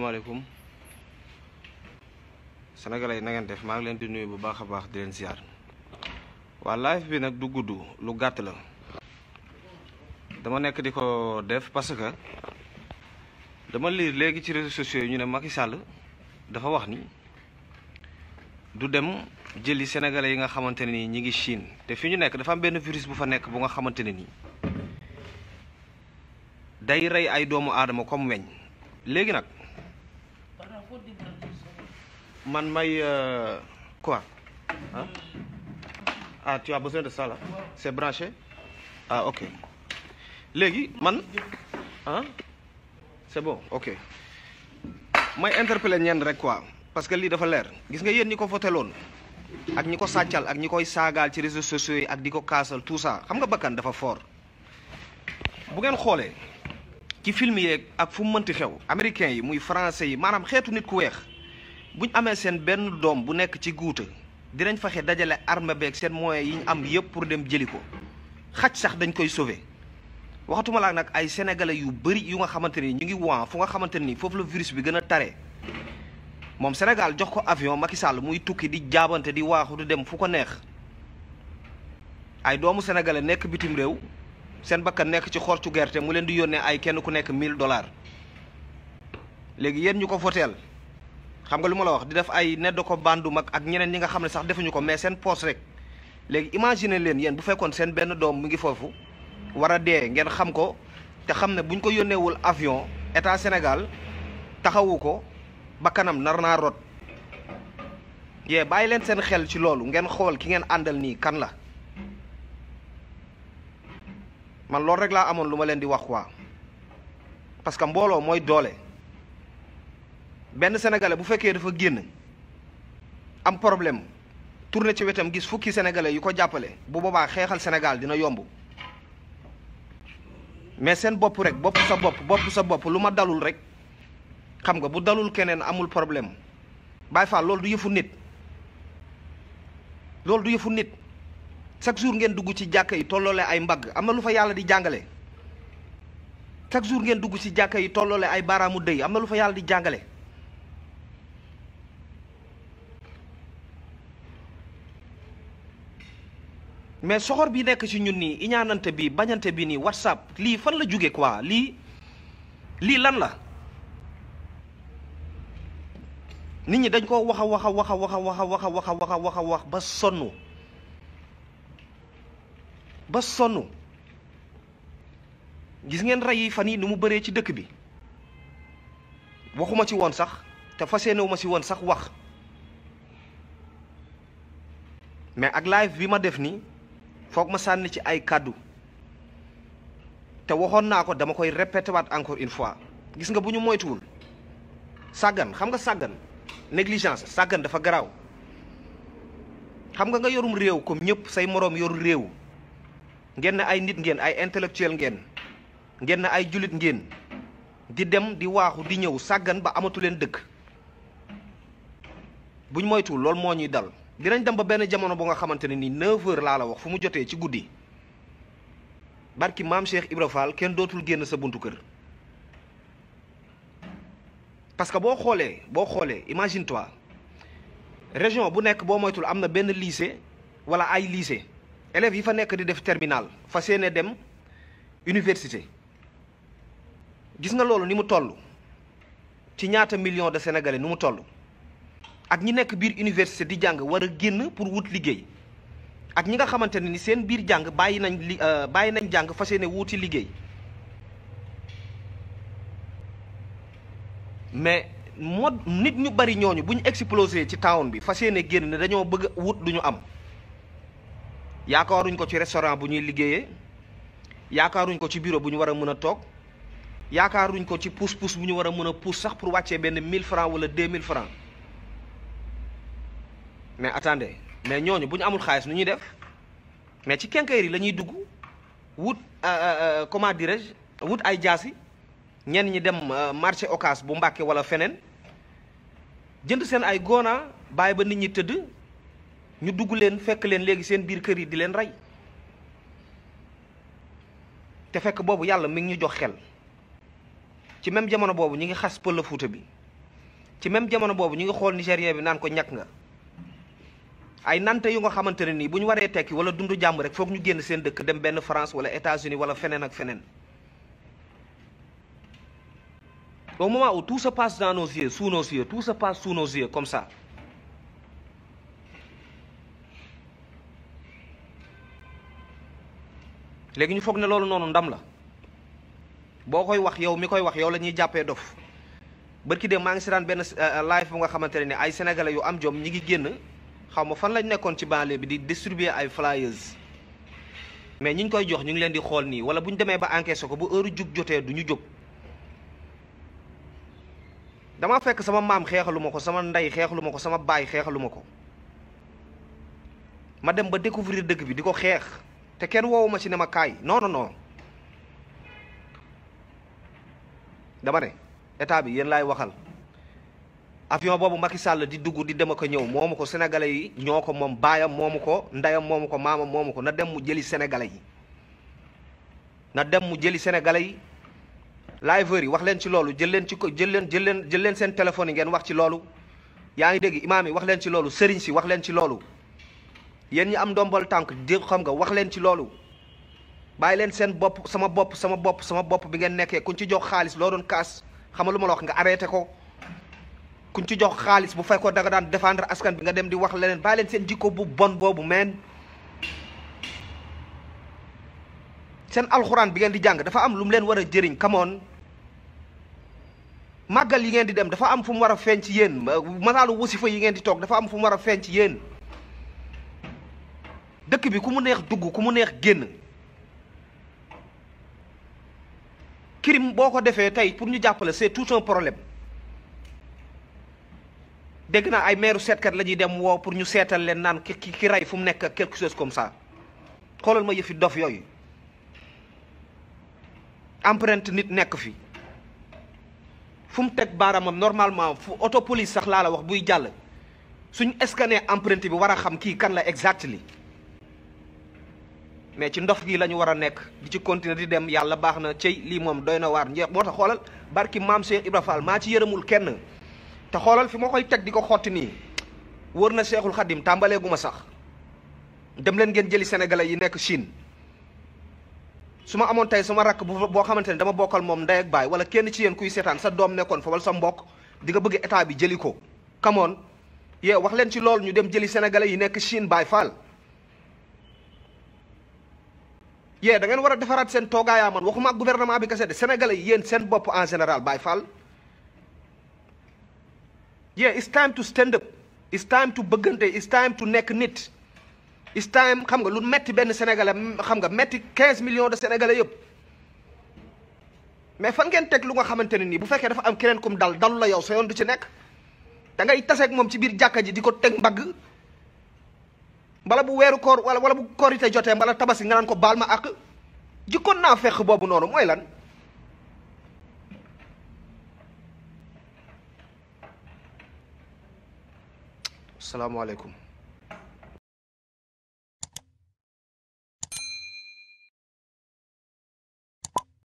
maaleykum sénégalais yi nangeen def maa ngi leen di nuyu bu baax a baax di leen siyaar waa live bi nag du gudd lu gàtt la dama nekk di ko def parce que dama liir léegi ci réseaux sociaux yi ñu ne mag i sàll dafa wax ni du dem jël jëli sénégalais yi nga xamante ne nii ñi ngi Chine te fi ñu nekk dafa am benn virus bu fa nekk bu nga xamante ne nii day rey ay doomu aadama comme weñ léegi nag man may euh, quoi hein? ah tu as de ça là c'est branché ah ok léegi man ah c'est bon ok may interpeller ñenn rek quoi parce que lii dafa leer gis nga yéen ñi ko foteloon ak ñi ko sàccal ak ñi koy saagaal ci réseaux sociaux yi ak di ko kaasal tout ça xam nga bakkan dafa foor bu ngeen xoolee ci film yeeg ak fu mu mënti xew américains yi muy français yi maanaam xeetu nit ku weex bu ñu amee seen benn doom bu nekk ci guuta dinañ fexe dajale arme beeg seen moyen yi ñu am yëpp pour dem jëli ko xaj sax dañ koy sauver waxatuma laa nag ay sénégalais yu bëri yu nga xamante ni ñu ngi waan fu nga xamante nii foofu la virus bi gën a tare moom Sénégal jox ko avion Macky Sall muy tukki di jaabante di waaxu dem fu ko neex ay doomu sénégalais nekk bitim réew seen bakkan nekk ci cu gerte mu leen di yónnee ay kenn ku nekk 1000 dollars léegi yéen ñu ko foteel xam nga lu ma la wax di def ay nedd ko bandu mag ak ñeneen ñi nga xam ne sax defuñu ko mais seen poos rek léegi imagine leen yéen bu fekkoon seen benn doom mu ngi foofu war a dee ngeen xam ko te xam ne buñ ko yónneewul avion état Sénégal taxawu ko bakkanam nar naa rot yee bàyyi leen seen xel ci loolu ngeen xool ki ngeen àndal nii kan la man loolu rek laa amoon lu ma leen di wax quoi parce que mbooloo mooy doole benn sénégalais bu fekkee dafa génn am problème tourné ci wetam gis fukki sénégalais yi ko jàppale bu boobaa xeexal Sénégal dina yomb mais seen bopp rek bopp sa bopp bopp sa bopp lu ma dalul rek xam nga bu dalul keneen amul problème Baye Fall loolu du yëfu nit loolu du yëfu nit. chaque jour ngeen dugg ci jàkka yi tolloole ay mbagg am fa yàlla di jàngale chaque jour ngeen dugg ci jàkka yi tolloole ay baaraamu dëy am na di jàngale mais soxor bi nekk ci ñun nii iñaanante bi bañante bi nii whatsapp lii fan la jóge quoi lii lii lan la nit ñi dañ ko wax a wax a wax a wax a wax a wax a wax a wax ba sonn ba sonn gis ngeen rey yi fan yi ni mu bëree ci dëkk bi waxuma ci woon sax te fas ci woon sax wax mais ak live bi ma def ni foog ma sànni ci ay kàddu te waxoon naa ko dama koy répété waat encore une fois gis nga bu ñu moytuwul sàggan xam nga sàggan négligence sàggan dafa garaaw xam nga nga yorum réew comme ñëpp say moroom yoru réew ngeen na ay nit ngeen ay intellectuel ngeen ngeen na ay jullit ngeen di dem di waaxu di ñëw sàggan ba amatu leen dëkk buñ moytuwul loolu moo ñuy dal dinañ dem ba benn jamono bu nga xamante ne ni 9h laa la wax fu mu jotee ci guddi barki maam Cheikh Ibra kenn dootul génn sa buntu kër parce que boo xoolee boo xoolee imagine toi région bu nekk boo moytul am na benn lycée wala ay lycée élèves yi fa nekk di def terminal fas yéene dem université gis nga loolu ni mu toll ci ñaata million de sénégalais ni mu toll ak ñi nekk biir université di jàng war génn pour wut liggéey ak ñi nga xamante ne ni seen biir jàng bàyyi nañ li euh, bàyyi nañ jàng fas yéene wuti liggéey mais moo nit ñu bari ñooñu bu ñu explosé ci town bi fas yéene génn ne dañoo bëgg wut lu ñu am. yaakaaruñ ko ci restaurant bu ñuy liggéeyee yaakaaruñ ko ci bureau bu ñu war a mën a toog yaakaaruñ ko ci pousse-pousse bu ñu war a mën a pousse sax pour wàccee benn 1000 francs wala 2000 francs mais attender mais ñooñu bu ñu amul xaalis nu ñuy def mais ci quincaillerie la ñuy dugg wut euh, euh, euh, comment dirais-je wut ay jaasi ñenn ñi dem marché Ocass bu Mbàkke wala feneen jënd seen ay goonaa bàyyi ba nit ñi tëdd ñu dugg leen fekk leen léegi seen biir kër yi di leen rey te fekk boobu yàlla mi ngi ñu jox xel ci même jamono boobu ñu ngi xas pël Fuuta bi ci même jamono boobu ñu ngi xool Nigérien bi naan ko ñàkk nga ay nante yu nga xamante ne nii bu ñu waree tekki wala dundu jàmm rek foog ñu génn seen dëkk dem benn France wala États-Unis wala feneen ak feneen au moment où tout se passe dans nos yeux tout se passe sous nos comme sa léegi ñu foog ne loolu noonu ndam la boo koy wax yow mi koy wax yow la ñuy jàppee dof bërki de maa ngi si benn euh, euh, live bu nga xamante ne ay sénégalais yu am jom ñi ngi génn xaw ma fan lañ nekkoon ci banlieue bi di distribuer ay flyers mais ñi ñu koy jox ñu ngi leen di xool nii wala bu ñu demee ba encaissé ko bu heure jub jotee du ñu jóg dama fekk sama maam xeexalu ma ko sama ndey xeexalu ma ko sama baay xeexalu ma ko ma dem ba découvrir dëkk bi di ko xeex te kenn woowu ma ci ne ma kaay non non non dama ne état bi yéen laay waxal avion boobu Macky Sall di dugg di dem ak ñëw moomu ko sénégalais yi ñoo ko moom baayam moomu ko ndeyam moomu ko maamam moomu ko na dem mu jëli sénégalais yi na dem mu jëli sénégalais yi liveurs yi wax leen ci loolu jël leen ci ko jël leen jël leen seen téléphone yi ngeen wax ci loolu yaa ngi dégg imaam yi wax leen ci loolu sëriñ si wax leen ci loolu yéen ñi am ndombal tànk di xam nga wax leen ci loolu bàyyi leen seen bopp sama bopp sama bopp sama bopp bi ngeen nekkee kuñ ci jox xaalis loo doon kaas xam lu ma la wax nga arrêté ko kuñ ci jox xaalis bu fay ko danga daan défendre askan bi nga dem di wax leneen bàyyi leen seen jikko bu bon boobu meen seen alxuraan bi ngeen di jàng dafa am lu mu leen war a jëriñ kamoon màggal yi ngeen di dem dafa am fu mu war a feeñ ci yéen masaalu wasifa yi ngeen di toog dafa am fu mu war a feeñ ci yéen dëkk bi ku mu neex dugg ku mu neex génn crime boo ko defee tey pour ñu jàppale c'est tout un problème dégg naa ay meeru seetkat la ñuy dem woo pour ñu seetal leen naan ki ki rey fu mu nekk quelque chose comme ça xoolal ma yëfi dof yooyu empreinte nit nekk fi fu mu teg baaraamam normalement fu auto sax laa la wax buy jàll suñu scanné empreinte bi war a xam kii kan la exact li mais ci ndox gi lañu war a nekk di ci continuer di dem yàlla baax na cey lii moom doy na waar njeex moo tax xoolal barki maam Cheikh Ibra Fall maa kenn te xoolal fi ma koy teg di ko xotti nii wër na Cheikhul Khadim tàmbalee gu ma sax dem leen ngeen jëli sénégalais yi nekk Chine su ma amoon tey sama rakk bu boo xamante ne dama bokkal moom ndey ak baay wala kenn ci yéen kuy seetaan sa doom nekkoon fa wala sa mbokk di nga bëgg état bi jëli ko. kamoon yow wax leen ci loolu ñu dem jëli sénégalais yi nekk Chine Baay Fall yee da ngeen war a defaraat seen toogaayaa man waxuma ak gouvernement bi kese de sénégalais yéen seen bopp en général Baye Fall yee it's time to stand up it's time to bëggante it's time to nekk nit it's time xam nga lu metti benn sénégalais xam nga metti 15 millions de sénégalais yëpp mais fan ngeen teg lu nga xamante ne nii bu fekkee dafa am keneen kum dal dalu la yow sa yoon du ci nekk dangay ngay moom ci biir jàkka ji di ko teg mbagg mbala bu weeru kor wala wala bu korite jotee mbala tabaski nga naan ko baal ma àq jikkoon naa fekk boobu noonu mooy lan salaamaaleykum